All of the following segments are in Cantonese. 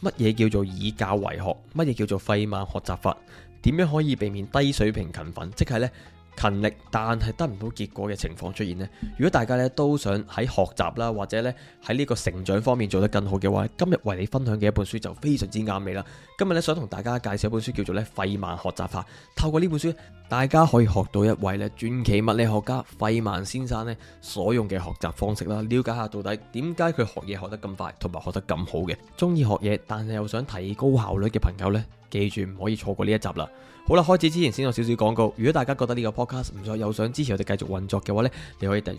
乜嘢叫做以教為學？乜嘢叫做費曼學習法？點樣可以避免低水平勤奮？即係呢，勤力但係得唔到結果嘅情況出現呢？如果大家咧都想喺學習啦，或者咧喺呢個成長方面做得更好嘅話，今日為你分享嘅一本書就非常之啱你啦。今日咧想同大家介紹一本書叫做咧費曼學習法，透過呢本書大家可以學到一位咧傳奇物理學家費曼先生咧所用嘅學習方式啦，了解下到底點解佢學嘢學得咁快同埋學得咁好嘅。中意學嘢但係又想提高效率嘅朋友呢，記住唔可以錯過呢一集啦。好啦，開始之前先有少少廣告。如果大家覺得呢個 podcast 唔錯，又想支持我哋繼續運作嘅話呢，你可以訂閱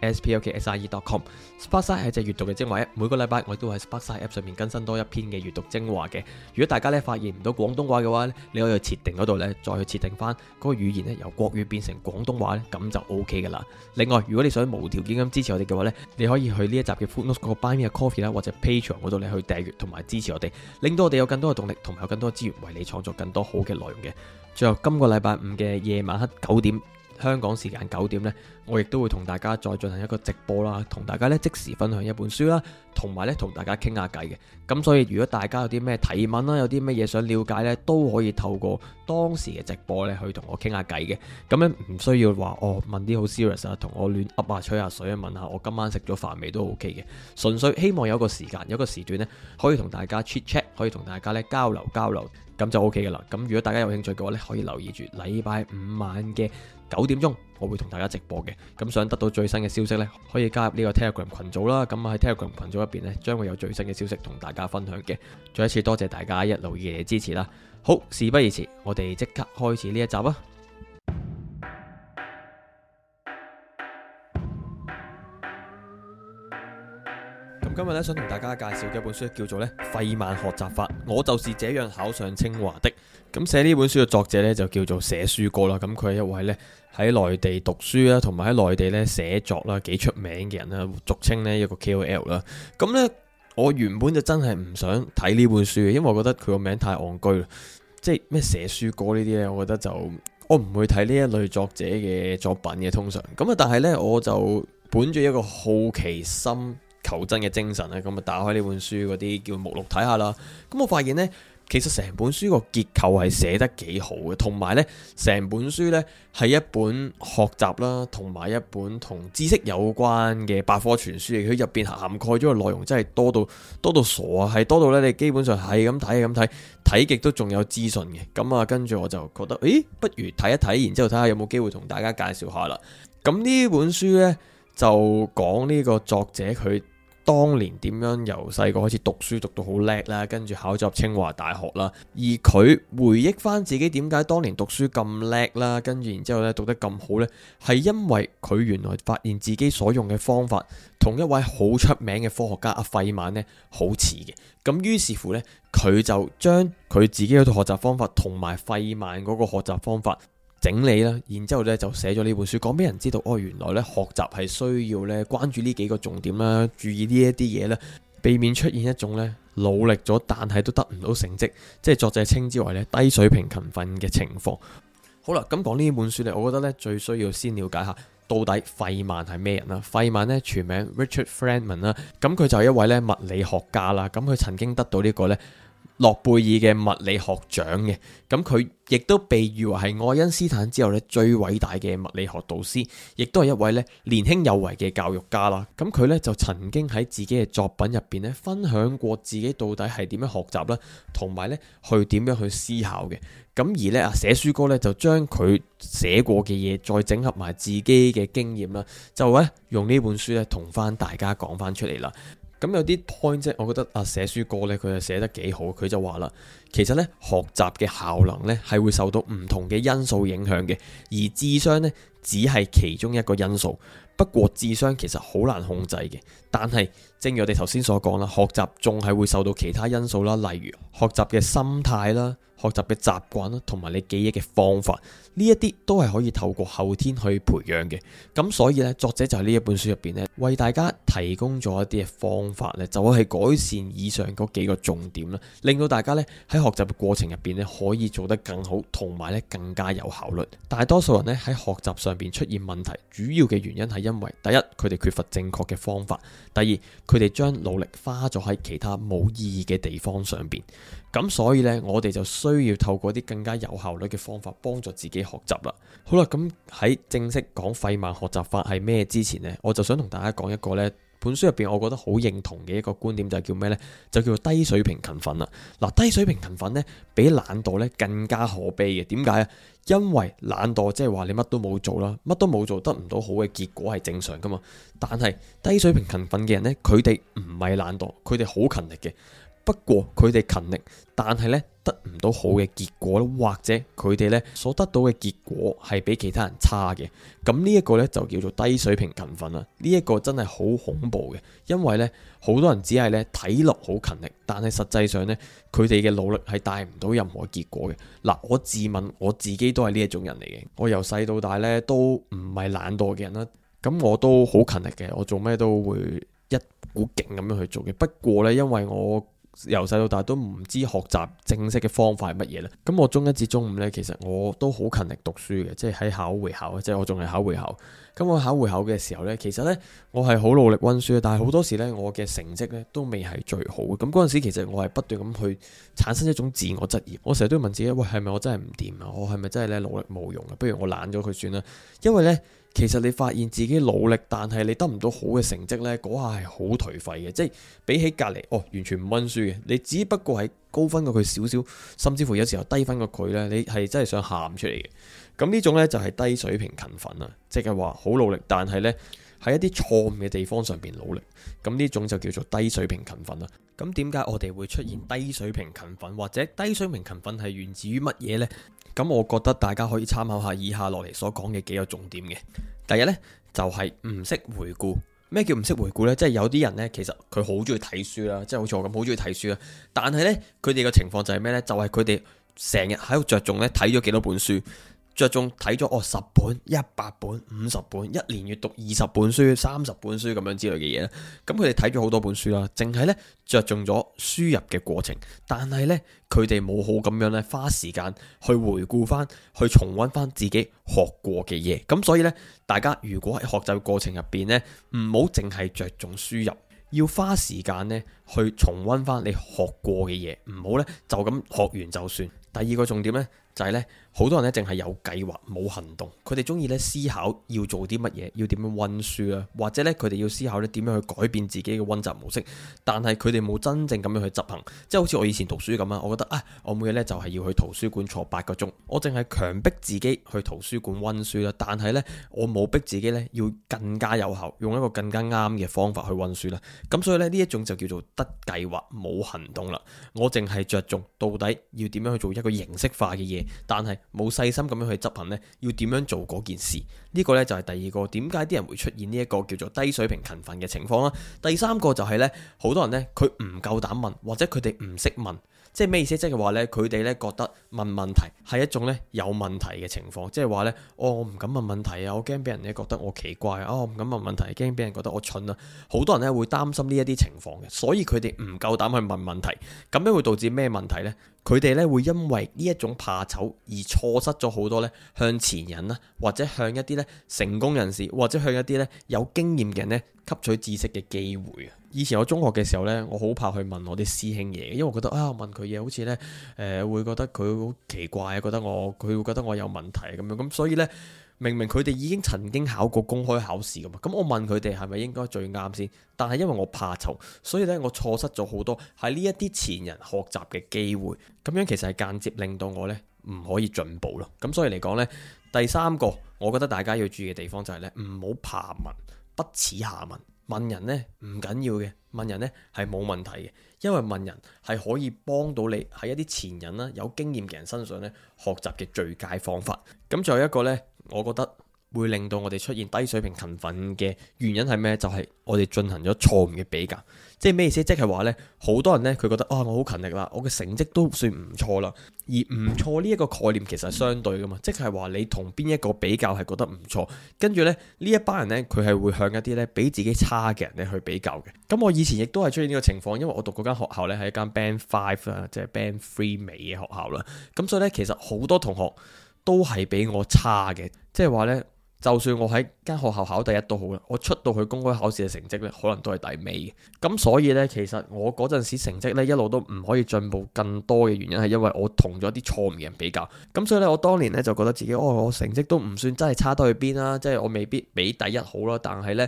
Sparksine，sparksine.com。Sparksine 係隻閲讀嘅精華，每個禮拜我都喺 Sparksine App 上面更新多一篇嘅閲讀精華嘅。如果大家呢發現唔到廣東話嘅話呢，你可以去設定嗰度呢，再去設定翻嗰個語言呢由國語變成廣東話咧，咁就 O K 噶啦。另外，如果你想無條件咁支持我哋嘅話呢，你可以去呢一集嘅 Footnote 嗰個 Buy Me A Coffee 啦，或者 PayPal 嗰度呢去訂閲同埋支持我哋，令到我哋有更多嘅動力同埋有更多資源為你創作更多好嘅內容嘅。最後今個禮拜五嘅夜晚黑九點。香港時間九點呢，我亦都會同大家再進行一個直播啦，同大家呢，即時分享一本書啦，同埋呢，同大家傾下偈嘅。咁所以如果大家有啲咩提問啦，有啲咩嘢想了解呢，都可以透過當時嘅直播呢去同我傾下偈嘅。咁呢，唔需要話哦問啲好 serious 啊，同我亂噏啊吹下水啊問下我今晚食咗飯未都 OK 嘅。純粹希望有個時間有個時段呢，可以同大家 chat chat，可以同大家呢交流交流，咁就 OK 噶啦。咁如果大家有興趣嘅話呢，可以留意住禮拜五晚嘅。九點鐘我會同大家直播嘅，咁想得到最新嘅消息呢，可以加入呢個 Telegram 群組啦。咁喺 Telegram 群組入邊呢，將會有最新嘅消息同大家分享嘅。再一次多謝大家一路以嚟支持啦。好，事不宜遲，我哋即刻開始呢一集啊！今日咧，想同大家介紹嘅一本書叫做咧《費曼學習法》，我就是這樣考上清華的。咁寫呢本書嘅作者咧，就叫做寫書哥啦。咁佢係一位咧，喺內地讀書啦，同埋喺內地咧寫作啦，幾出名嘅人啦，俗稱呢一個 KOL 啦。咁咧我原本就真係唔想睇呢本書嘅，因為我覺得佢個名太戇居啦，即係咩寫書哥呢啲咧，我覺得就我唔會睇呢一類作者嘅作品嘅，通常。咁啊，但係咧，我就本住一個好奇心。求真嘅精神咧，咁啊打開呢本書嗰啲叫目錄睇下啦。咁我發現呢，其實成本書個結構係寫得幾好嘅，同埋呢，成本書呢係一本學習啦，同埋一本同知識有關嘅百科全書。佢入邊涵蓋咗個內容真係多到多到傻啊，係多到咧你基本上係咁睇，係咁睇，睇極都仲有資訊嘅。咁啊，跟住我就覺得，誒，不如睇一睇，然之後睇下有冇機會同大家介紹下啦。咁呢本書呢，就講呢個作者佢。當年點樣由細個開始讀書讀到好叻啦，跟住考咗入清華大學啦。而佢回憶返自己點解當年讀書咁叻啦，跟住然之後咧讀得咁好呢，係因為佢原來發現自己所用嘅方法同一位好出名嘅科學家阿費曼呢，好似嘅。咁於是乎呢，佢就將佢自己嘅學習方法同埋費曼嗰個學習方法。整理啦，然之後咧就寫咗呢本書，講俾人知道，哦，原來咧學習係需要咧關注呢幾個重點啦，注意呢一啲嘢咧，避免出現一種咧努力咗但係都得唔到成績，即係作者稱之為咧低水平勤奮嘅情況。好啦，咁講呢本書咧，我覺得咧最需要先了解下到底費曼係咩人啦。費曼咧全名 Richard Feynman 啦，咁佢就係一位咧物理學家啦，咁佢曾經得到呢、這個咧。諾貝爾嘅物理學獎嘅，咁佢亦都被譽為係愛因斯坦之後咧最偉大嘅物理學導師，亦都係一位咧年輕有為嘅教育家啦。咁佢咧就曾經喺自己嘅作品入邊咧分享過自己到底係點樣學習啦，同埋咧去點樣去思考嘅。咁而咧啊寫書哥咧就將佢寫過嘅嘢，再整合埋自己嘅經驗啦，就咧用呢本書咧同翻大家講翻出嚟啦。咁有啲 point 即我覺得啊，寫書哥咧，佢就寫得幾好。佢就話啦，其實咧學習嘅效能咧係會受到唔同嘅因素影響嘅，而智商咧只係其中一個因素。不過智商其實好難控制嘅。但係，正如我哋頭先所講啦，學習仲係會受到其他因素啦，例如學習嘅心態啦、學習嘅習慣啦，同埋你記憶嘅方法，呢一啲都係可以透過後天去培養嘅。咁所以呢，作者就喺呢一本書入邊呢，為大家提供咗一啲嘅方法咧，就係改善以上嗰幾個重點啦，令到大家呢喺學習嘅過程入邊呢，可以做得更好，同埋咧更加有效率。大多數人呢喺學習上邊出現問題，主要嘅原因係因為第一，佢哋缺乏正確嘅方法。第二，佢哋將努力花咗喺其他冇意義嘅地方上邊，咁所以呢，我哋就需要透過啲更加有效率嘅方法幫助自己學習啦。好啦，咁喺正式講費曼學習法係咩之前呢，我就想同大家講一個呢。本書入邊，我覺得好認同嘅一個觀點就係叫咩呢？就叫做低水平勤奮啦。嗱，低水平勤奮呢，比懶惰呢更加可悲嘅。點解啊？因為懶惰即係話你乜都冇做啦，乜都冇做得唔到好嘅結果係正常噶嘛。但係低水平勤奮嘅人呢，佢哋唔係懶惰，佢哋好勤力嘅。不過佢哋勤力，但係呢。得唔到好嘅結果，或者佢哋咧所得到嘅結果係比其他人差嘅，咁呢一個呢，就叫做低水平勤奮啦。呢一個真係好恐怖嘅，因為呢，好多人只係咧睇落好勤力，但係實際上呢，佢哋嘅努力係帶唔到任何結果嘅。嗱，我自問我自己都係呢一種人嚟嘅，我由細到大呢，都唔係懶惰嘅人啦，咁我都好勤力嘅，我做咩都會一股勁咁樣去做嘅。不過呢，因為我由細到大都唔知學習正式嘅方法係乜嘢呢，咁我中一至中五呢，其實我都好勤力讀書嘅，即係喺考會考，即係我仲係考會考。咁我考會考嘅時候呢，其實呢，我係好努力溫書，但係好多時呢，我嘅成績呢都未係最好。咁嗰陣時其實我係不斷咁去產生一種自我質疑，我成日都要問自己，喂，係咪我真係唔掂啊？我係咪真係咧努力冇用啊？不如我懶咗佢算啦，因為呢。其實你發現自己努力，但係你得唔到好嘅成績呢，嗰下係好頹廢嘅。即係比起隔籬，哦，完全唔溫書嘅，你只不過係高分過佢少少，甚至乎有時候低分過佢呢，你係真係想喊出嚟嘅。咁呢種呢，就係低水平勤奮啊，即係話好努力，但係呢。喺一啲錯誤嘅地方上邊努力，咁呢種就叫做低水平勤奮啦。咁點解我哋會出現低水平勤奮或者低水平勤奮係源自於乜嘢呢？咁我覺得大家可以參考下以下落嚟所講嘅幾個重點嘅。第一呢，就係唔識回顧。咩叫唔識回顧呢？即係有啲人呢，其實佢好中意睇書啦，即係好似我咁好中意睇書啊。但係呢，佢哋嘅情況就係咩呢？就係佢哋成日喺度着重咧睇咗幾多本書。着重睇咗哦，十本、一百本、五十本，一年閱讀二十本書、三十本書咁樣之類嘅嘢啦。咁佢哋睇咗好多本書啦，淨係呢着重咗輸入嘅過程，但係呢，佢哋冇好咁樣呢花時間去回顧翻、去重溫翻自己學過嘅嘢。咁所以呢，大家如果喺學習嘅過程入邊呢，唔好淨係着重輸入，要花時間呢去重溫翻你學過嘅嘢，唔好呢，就咁學完就算。第二個重點呢。就係咧，好多人咧，淨係有計劃冇行動。佢哋中意咧，思考要做啲乜嘢，要點樣温書啦，或者咧，佢哋要思考咧，點樣去改變自己嘅温習模式。但係佢哋冇真正咁樣去執行，即係好似我以前讀書咁啊。我覺得啊，我每日咧就係要去圖書館坐八個鐘，我淨係強迫自己去圖書館温書啦。但係咧，我冇逼自己咧要更加有效，用一個更加啱嘅方法去温書啦。咁所以咧，呢一種就叫做得計劃冇行動啦。我淨係着重到底要點樣去做一個形式化嘅嘢。但係冇細心咁樣去執行呢，要點樣做嗰件事？呢個呢就係第二個，點解啲人會出現呢一個叫做低水平勤奮嘅情況啦？第三個就係呢，好多人呢，佢唔夠膽問，或者佢哋唔識問，即係咩意思？即係話呢，佢哋呢覺得問問題係一種呢有問題嘅情況，即係話呢，我唔敢問問題啊，我驚俾人呢覺得我奇怪啊，我唔敢問問題，驚俾人覺得我蠢啊。好多人呢會擔心呢一啲情況嘅，所以佢哋唔夠膽去問問題，咁樣會導致咩問題呢？佢哋咧會因為呢一種怕醜而錯失咗好多咧向前人啦，或者向一啲咧成功人士，或者向一啲咧有經驗嘅人咧吸取知識嘅機會。以前我中學嘅時候咧，我好怕去問我啲師兄嘢，因為我覺得啊問佢嘢好似咧誒會覺得佢好奇怪，覺得我佢會覺得我有問題咁樣，咁所以咧。明明佢哋已經曾經考過公開考試㗎嘛。咁我問佢哋係咪應該最啱先？但係因為我怕醜，所以咧我錯失咗好多喺呢一啲前人學習嘅機會。咁樣其實係間接令到我咧唔可以進步咯。咁所以嚟講咧，第三個我覺得大家要注意嘅地方就係咧唔好怕問，不恥下問，問人呢唔緊要嘅，問人呢係冇問題嘅，因為問人係可以幫到你喺一啲前人啦有經驗嘅人身上咧學習嘅最佳方法。咁仲有一個咧。我覺得會令到我哋出現低水平勤奮嘅原因係咩？就係、是、我哋進行咗錯誤嘅比較，即係咩意思？即係話呢，好多人呢，佢覺得啊、哦，我好勤力啦，我嘅成績都算唔錯啦。而唔錯呢一個概念其實係相對噶嘛，即係話你同邊一個比較係覺得唔錯。跟住呢，呢一班人呢，佢係會向一啲呢比自己差嘅人呢去比較嘅。咁我以前亦都係出現呢個情況，因為我讀嗰間學校呢，係一間 Band Five 啊，即係 Band Three 尾嘅學校啦。咁所以呢，其實好多同學，都係比我差嘅，即係話呢，就算我喺間學校考第一都好啦，我出到去公開考試嘅成績呢，可能都係第尾嘅。咁所以呢，其實我嗰陣時成績呢，一路都唔可以進步更多嘅原因，係因為我同咗啲錯誤嘅人比較。咁所以呢，我當年呢，就覺得自己，哦，我成績都唔算真係差得去邊啦，即係我未必比第一好啦，但係呢，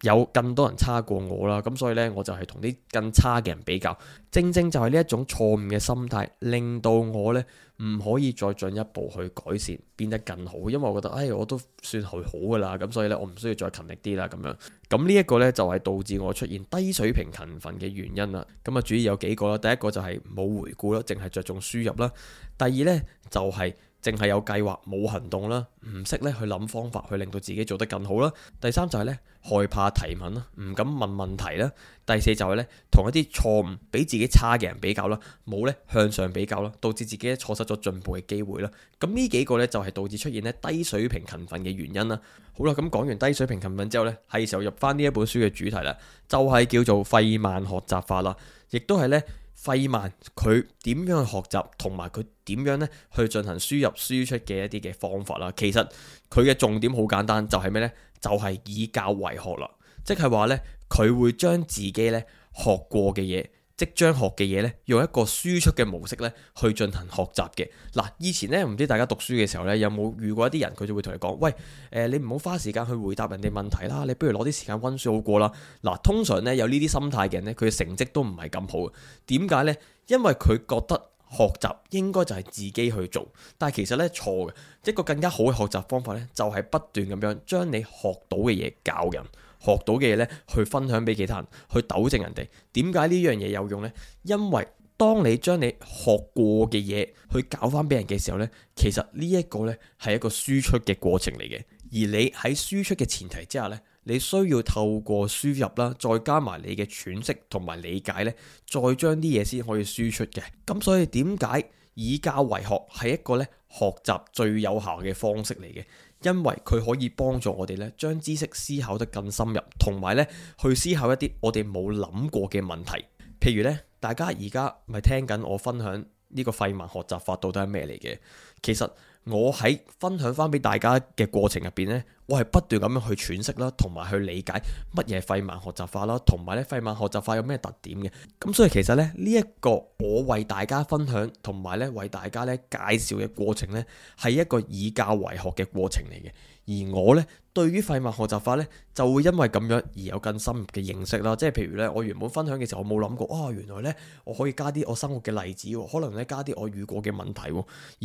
有更多人差過我啦。咁所以呢，我就係同啲更差嘅人比較，正正就係呢一種錯誤嘅心態，令到我呢。唔可以再進一步去改善，變得更好，因為我覺得，唉，我都算係好㗎啦，咁所以咧，我唔需要再勤力啲啦，咁樣。咁呢一個呢，就係導致我出現低水平勤奮嘅原因啦。咁啊，主要有幾個啦。第一個就係冇回顧啦，淨係着重輸入啦。第二呢，就係淨係有計劃冇行動啦，唔識咧去諗方法去令到自己做得更好啦。第三就係呢，害怕提問啦，唔敢問問題啦。第四就係呢，同一啲錯誤比自己差嘅人比較啦，冇呢向上比較啦，導致自己咧錯失咗進步嘅機會啦。咁呢幾個呢，就係導致出現咧低水平勤奮嘅原因啦。好啦，咁講完低水平勤奮之後呢，係時候入翻呢一本書嘅主題啦，就係叫做費曼學習法啦，亦都係呢，費曼佢點樣去學習，同埋佢點樣呢去進行輸入輸出嘅一啲嘅方法啦。其實佢嘅重點好簡單就，就係咩呢？就係以教為學啦，即係話呢，佢會將自己呢學過嘅嘢。即將學嘅嘢呢，用一個輸出嘅模式呢，去進行學習嘅。嗱，以前呢，唔知大家讀書嘅時候呢，有冇遇過一啲人，佢就會同你講：，喂，誒、呃，你唔好花時間去回答人哋問題啦，你不如攞啲時間溫書好過啦。嗱，通常呢，有呢啲心態嘅人呢，佢嘅成績都唔係咁好。點解呢？因為佢覺得學習應該就係自己去做，但係其實呢，錯嘅。一個更加好嘅學習方法呢，就係不斷咁樣將你學到嘅嘢教人。學到嘅嘢咧，去分享俾其他人，去糾正人哋。點解呢樣嘢有用呢？因為當你將你學過嘅嘢去搞翻俾人嘅時候呢，其實呢一個呢係一個輸出嘅過程嚟嘅。而你喺輸出嘅前提之下呢，你需要透過輸入啦，再加埋你嘅喘息同埋理解呢，再將啲嘢先可以輸出嘅。咁所以點解以教為學係一個呢學習最有效嘅方式嚟嘅？因為佢可以幫助我哋咧，將知識思考得更深入，同埋咧去思考一啲我哋冇諗過嘅問題。譬如咧，大家而家咪聽緊我分享呢個廢文學習法，到底係咩嚟嘅？其實我喺分享翻俾大家嘅過程入邊呢，我係不斷咁樣去詮釋啦，同埋去理解乜嘢費曼學習法啦，同埋咧費曼學習法有咩特點嘅。咁所以其實呢，呢、呢、一個我為大家分享，同埋咧為大家咧介紹嘅過程呢，係一個以教為學嘅過程嚟嘅，而我呢。對於費曼學習法呢，就會因為咁樣而有更深入嘅認識啦。即係譬如呢，我原本分享嘅時候，我冇諗過啊、哦，原來呢，我可以加啲我生活嘅例子，可能呢，加啲我遇過嘅問題，而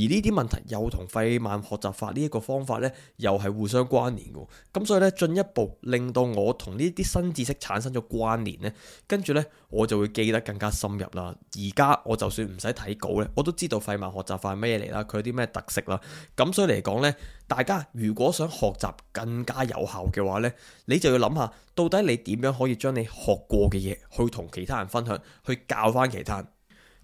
呢啲問題又同費曼學習法呢一個方法呢，又係互相關聯嘅。咁所以呢，進一步令到我同呢啲新知識產生咗關聯呢。跟住呢，我就會記得更加深入啦。而家我就算唔使睇稿呢，我都知道費曼學習法係咩嚟啦，佢有啲咩特色啦。咁所以嚟講呢，大家如果想學習更更加有效嘅話呢，你就要諗下，到底你點樣可以將你學過嘅嘢去同其他人分享，去教翻其他人。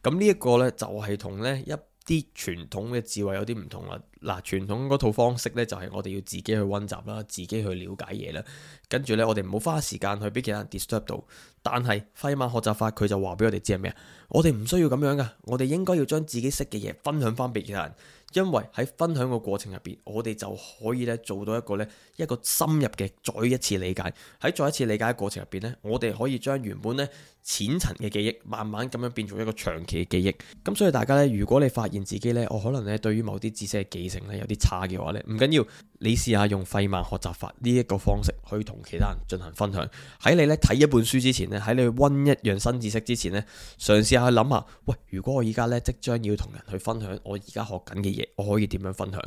咁呢一個呢，就係同呢一啲傳統嘅智慧有啲唔同啦。嗱，傳統嗰套方式呢，就係我哋要自己去温習啦，自己去了解嘢啦。跟住呢，我哋唔好花時間去俾其他人 disturb 到。但係費曼學習法佢就話俾我哋知係咩啊？我哋唔需要咁樣噶，我哋應該要將自己識嘅嘢分享翻俾其他人。因為喺分享嘅過程入邊，我哋就可以咧做到一個咧一個深入嘅再一次理解。喺再一次理解嘅過程入邊咧，我哋可以將原本咧淺層嘅記憶，慢慢咁樣變做一個長期嘅記憶。咁所以大家咧，如果你發現自己咧，我可能咧對於某啲知識嘅記性咧有啲差嘅話咧，唔緊要。你試下用費曼學習法呢一個方式去同其他人進行分享。喺你咧睇一本書之前咧，喺你去溫一樣新知識之前咧，嘗試下去諗下，喂，如果我而家咧即將要同人去分享我而家學緊嘅嘢，我可以點樣分享？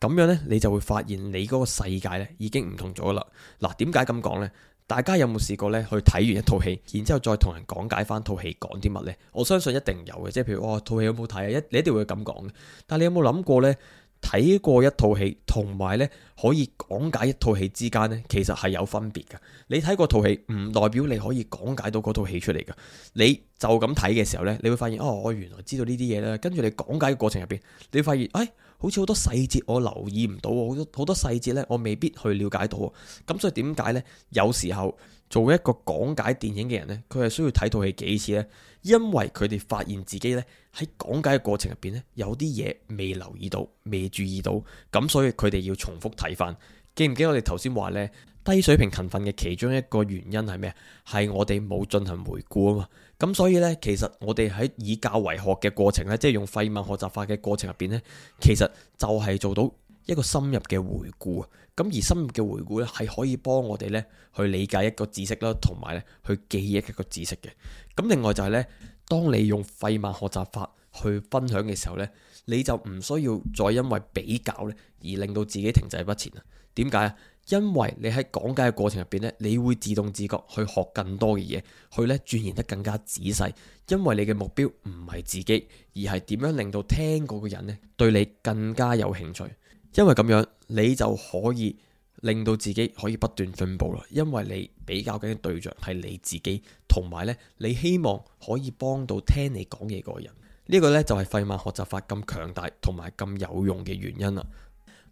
咁樣咧，你就會發現你嗰個世界咧已經唔同咗啦。嗱，點解咁講呢？大家有冇試過咧去睇完一套戲，然之後再同人講解翻套戲講啲乜呢？我相信一定有嘅，即係譬如哇，套戲有冇睇啊？一你一定會咁講嘅。但係你有冇諗過呢？睇過一套戲，同埋咧可以講解一套戲之間咧，其實係有分別嘅。你睇過套戲，唔代表你可以講解到嗰套戲出嚟嘅。你就咁睇嘅時候呢，你會發現哦，我原來知道呢啲嘢啦。跟住你講解嘅過程入邊，你會發現誒、哎，好似好多細節我留意唔到，好多好多細節呢我未必去了解到。咁所以點解呢？有時候做一個講解電影嘅人呢，佢係需要睇套戲幾次呢？因為佢哋發現自己呢喺講解嘅過程入邊呢，有啲嘢未留意到、未注意到，咁所以佢哋要重複睇返。記唔記得我哋頭先話呢，低水平勤奮嘅其中一個原因係咩啊？係我哋冇進行回顧啊嘛。咁所以呢，其實我哋喺以教為學嘅過程呢，即係用廢物學習法嘅過程入邊呢，其實就係做到。一個深入嘅回顧啊，咁而深入嘅回顧咧，係可以幫我哋咧去理解一個知識啦，同埋咧去記憶一個知識嘅。咁另外就係咧，當你用費曼學習法去分享嘅時候咧，你就唔需要再因為比較咧而令到自己停滯不前啊。點解啊？因為你喺講解嘅過程入邊咧，你會自動自覺去學更多嘅嘢，去咧鑽研得更加仔細。因為你嘅目標唔係自己，而係點樣令到聽過嘅人咧對你更加有興趣。因為咁樣，你就可以令到自己可以不斷進步啦。因為你比較緊嘅對象係你自己，同埋呢，你希望可以幫到聽你講嘢嗰個人。呢、這個呢，就係費曼學習法咁強大同埋咁有用嘅原因啦。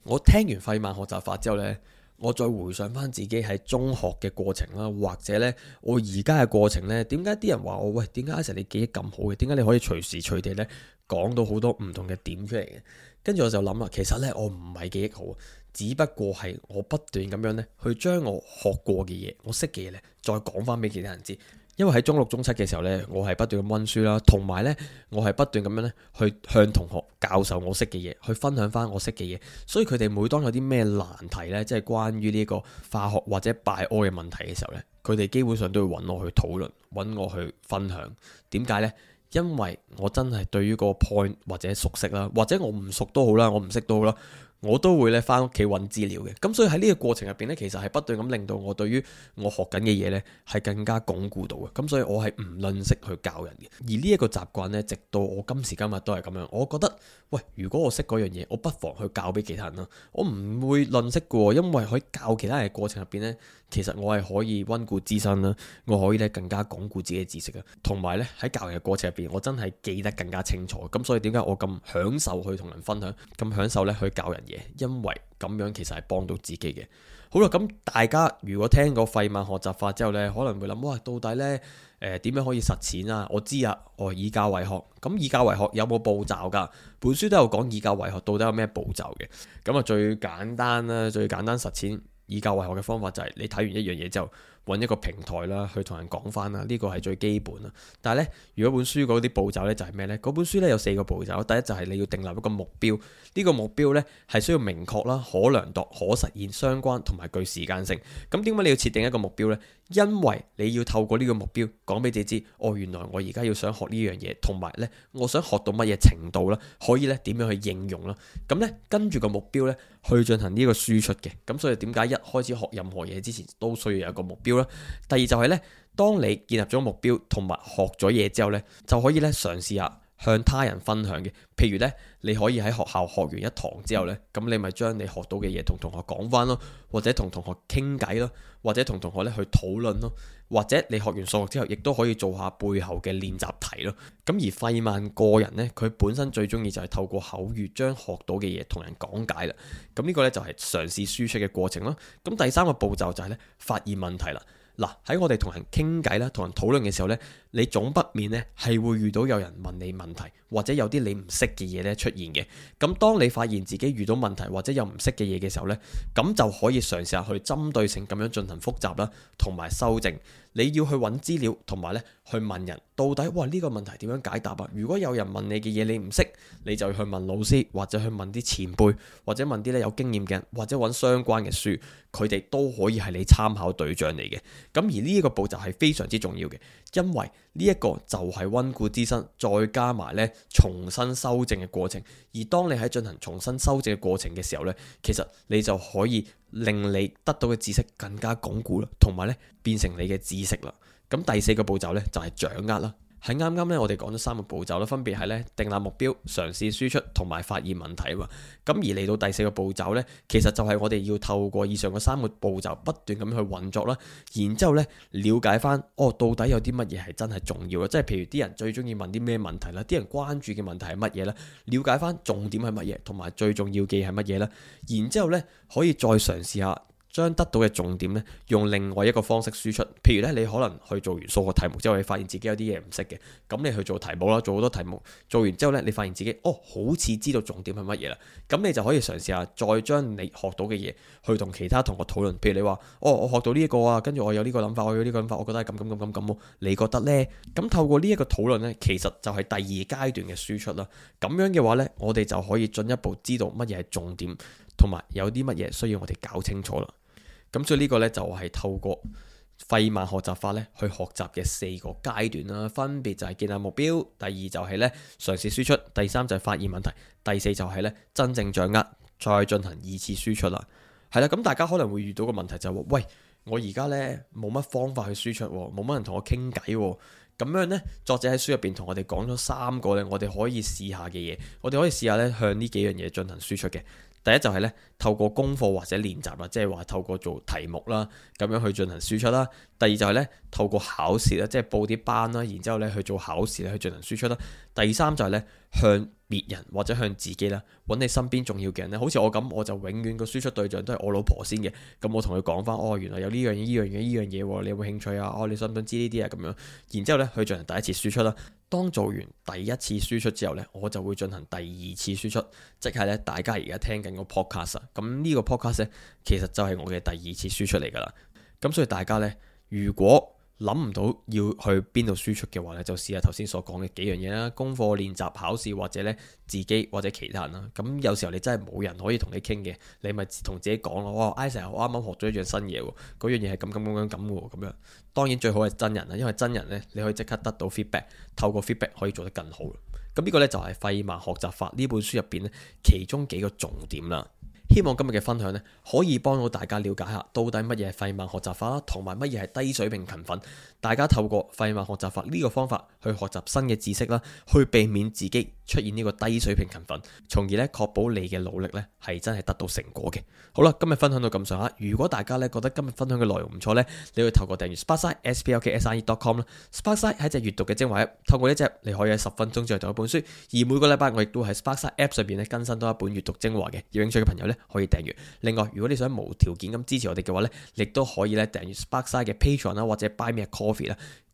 我聽完費曼學習法之後呢，我再回想翻自己喺中學嘅過程啦，或者呢，我而家嘅過程呢，點解啲人話我喂？點解一 s 你記憶咁好嘅？點解你可以隨時隨地呢講到好多唔同嘅點出嚟嘅？跟住我就諗啦，其實咧我唔係記憶好，只不過係我不斷咁樣咧去將我學過嘅嘢，我識嘅嘢咧再講翻俾其他人知。因為喺中六、中七嘅時候咧，我係不斷咁溫書啦，同埋咧我係不斷咁樣咧去向同學教授我識嘅嘢，去分享翻我識嘅嘢。所以佢哋每當有啲咩難題咧，即係關於呢個化學或者拜厄嘅問題嘅時候咧，佢哋基本上都會揾我去討論，揾我去分享。點解呢？因為我真係對於個 point 或者熟悉啦，或者我唔熟都好啦，我唔識都好啦，我都會咧翻屋企揾資料嘅。咁所以喺呢個過程入邊呢，其實係不斷咁令到我對於我學緊嘅嘢呢係更加鞏固到嘅。咁所以我係唔吝嗇去教人嘅。而呢一個習慣呢，直到我今時今日都係咁樣。我覺得，喂，如果我識嗰樣嘢，我不妨去教俾其他人啦。我唔會吝嗇嘅喎，因為喺教其他人嘅過程入邊呢。其實我係可以温故知新啦，我可以咧更加鞏固自己嘅知識啊，同埋咧喺教人嘅過程入邊，我真係記得更加清楚。咁所以點解我咁享受去同人分享，咁享受咧去教人嘢？因為咁樣其實係幫到自己嘅。好啦，咁大家如果聽過費曼學習法之後呢，可能會諗哇，到底呢？誒點樣可以實踐啊？我知啊，我以教為學，咁以教為學有冇步驟噶？本書都有講以教為學到底有咩步驟嘅。咁啊最簡單啦，最簡單實踐。以教為學嘅方法就係你睇完一樣嘢之後，揾一個平台啦，去同人講翻啦，呢個係最基本啦。但係呢，如果本書嗰啲步驟呢，就係咩呢？嗰本書呢，有四個步驟，第一就係你要定立一個目標，呢個目標呢，係需要明確啦、可量度、可實現、相關同埋具時間性。咁點解你要設定一個目標呢？因為你要透過呢個目標講俾自己知，哦，原來我而家要想學呢樣嘢，同埋咧，我想學到乜嘢程度啦，可以咧點樣去應用啦，咁咧跟住個目標咧去進行呢個輸出嘅，咁所以點解一開始學任何嘢之前都需要有一個目標咧？第二就係咧，當你建立咗目標同埋學咗嘢之後咧，就可以咧嘗試下。向他人分享嘅，譬如呢，你可以喺學校學完一堂之後呢，咁你咪將你學到嘅嘢同同學講翻咯，或者同同學傾偈咯，或者同同學咧去討論咯，或者你學完數學之後，亦都可以做下背後嘅練習題咯。咁而費曼個人呢，佢本身最中意就係透過口語將學到嘅嘢同人講解啦。咁呢個呢，就係嘗試輸出嘅過程咯。咁第三個步驟就係呢，發現問題啦。嗱，喺我哋同人傾偈啦，同人討論嘅時候呢，你總不免咧係會遇到有人問你問題，或者有啲你唔識嘅嘢咧出現嘅。咁當你發現自己遇到問題或者有唔識嘅嘢嘅時候咧，咁就可以嘗試下去針對性咁樣進行複習啦，同埋修正。你要去揾資料，同埋咧去問人到底，哇呢個問題點樣解答啊？如果有人問你嘅嘢你唔識，你就去問老師，或者去問啲前輩，或者問啲咧有經驗嘅人，或者揾相關嘅書，佢哋都可以係你參考對象嚟嘅。咁而呢一個步驟係非常之重要嘅，因為呢一個就係溫故知新，再加埋咧重新修正嘅過程。而當你喺進行重新修正嘅過程嘅時候咧，其實你就可以令你得到嘅知識更加鞏固啦，同埋咧變成你嘅知識啦。咁第四個步驟咧就係掌握啦。喺啱啱咧，剛剛我哋講咗三個步驟啦，分別係咧定立目標、嘗試輸出同埋發現問題嘛。咁而嚟到第四個步驟咧，其實就係我哋要透過以上嘅三個步驟不斷咁去運作啦，然之後咧了解翻哦到底有啲乜嘢係真係重要嘅，即係譬如啲人最中意問啲咩問題啦，啲人關注嘅問題係乜嘢咧，了解翻重點係乜嘢，同埋最重要嘅係乜嘢咧，然之後咧可以再嘗試試下。將得到嘅重點咧，用另外一個方式輸出。譬如咧，你可能去做完數學題目之後，你發現自己有啲嘢唔識嘅，咁你去做題目啦，做好多題目，做完之後咧，你發現自己哦，好似知道重點係乜嘢啦。咁你就可以嘗試下，再將你學到嘅嘢去同其他同學討論。譬如你話，哦，我學到呢一個啊，跟住我有呢個諗法，我有呢個諗法，我覺得係咁咁咁咁咁。你覺得呢？咁透過呢一個討論呢，其實就係第二階段嘅輸出啦。咁樣嘅話呢，我哋就可以進一步知道乜嘢係重點，同埋有啲乜嘢需要我哋搞清楚啦。咁所以呢個呢，就係透過費曼學習法呢去學習嘅四個階段啦，分別就係建立目標，第二就係呢，嘗試輸出，第三就係發現問題，第四就係呢，真正掌握，再進行二次輸出啦。係啦，咁大家可能會遇到個問題就係話，喂，我而家呢，冇乜方法去輸出，冇乜人同我傾偈，咁樣呢，作者喺書入邊同我哋講咗三個呢，我哋可以試下嘅嘢，我哋可以試下呢，向呢幾樣嘢進行輸出嘅。第一就係咧，透過功課或者練習啦，即係話透過做題目啦，咁樣去進行輸出啦。第二就係咧，透過考試啦，即係報啲班啦，然之後咧去做考試咧去進行輸出啦。第三就係咧，向別人或者向自己啦，搵你身邊重要嘅人咧，好似我咁，我就永遠個輸出對象都係我老婆先嘅。咁我同佢講翻，哦，原來有呢樣嘢呢樣嘢呢樣嘢，你會興趣啊？哦，你想唔想知呢啲啊？咁樣，然之後咧去進行第一次輸出啦。當做完第一次輸出之後咧，我就會進行第二次輸出，即係咧大家而家聽緊個 podcast，咁呢個 podcast 咧，其實就係我嘅第二次輸出嚟噶啦。咁所以大家咧，如果諗唔到要去邊度輸出嘅話咧，就試下頭先所講嘅幾樣嘢啦，功課、練習、考試或者咧自己或者其他人啦。咁有時候你真係冇人可以同你傾嘅，你咪同自己講咯。哇，哦，Ish，我啱啱學咗一樣新嘢喎，嗰樣嘢係咁咁咁樣咁喎，咁樣。當然最好係真人啦，因為真人咧你可以即刻得到 feedback，透過 feedback 可以做得更好。咁呢個咧就係費曼學習法呢本書入邊咧其中幾個重點啦。希望今日嘅分享咧，可以幫到大家了解下到底乜嘢係費曼學習法同埋乜嘢係低水平勤奮。大家透過費曼學習法呢個方法去學習新嘅知識啦，去避免自己出現呢個低水平勤奮，從而咧確保你嘅努力咧係真係得到成果嘅。好啦，今日分享到咁上下。如果大家咧覺得今日分享嘅內容唔錯咧，你可以透過訂閱 SparkSine S B SP L K S R dot com 啦。SparkSine 係隻閱讀嘅精華 App，透過呢隻你可以喺十分鐘之內讀一本書。而每個禮拜我亦都喺 SparkSine App 上邊咧更新多一本閱讀精華嘅。有興趣嘅朋友咧可以訂閱。另外，如果你想無條件咁支持我哋嘅話咧，亦都可以咧訂閱 s, SparkSine 嘅 Patreon 啦，或者 Buy Me a Coffee 啦。